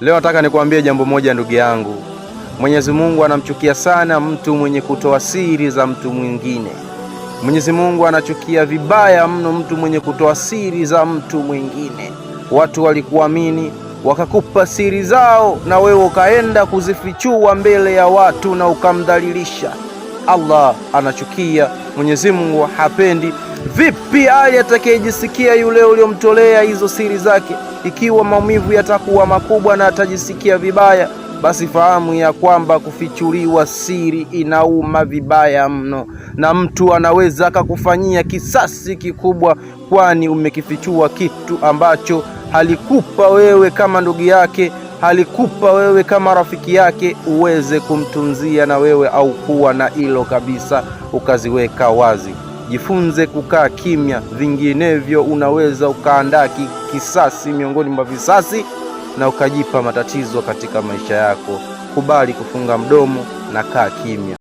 Leo nataka nikuambie jambo moja ndugu yangu. Mwenyezi Mungu anamchukia sana mtu mwenye kutoa siri za mtu mwingine. Mwenyezi Mungu anachukia vibaya mno mtu mwenye kutoa siri za mtu mwingine. Watu walikuamini wakakupa siri zao, na wewe ukaenda kuzifichua mbele ya watu na ukamdhalilisha. Allah anachukia, Mwenyezi Mungu hapendi. Vipi hali atakayejisikia yule uliyomtolea hizo siri zake? Ikiwa maumivu yatakuwa makubwa na atajisikia vibaya, basi fahamu ya kwamba kufichuliwa siri inauma vibaya mno, na mtu anaweza akakufanyia kisasi kikubwa, kwani umekifichua kitu ambacho halikupa wewe kama ndugu yake halikupa wewe kama rafiki yake uweze kumtunzia na wewe au kuwa na hilo kabisa ukaziweka wazi. Jifunze kukaa kimya, vinginevyo unaweza ukaandaa kisasi miongoni mwa visasi na ukajipa matatizo katika maisha yako. Kubali kufunga mdomo na kaa kimya.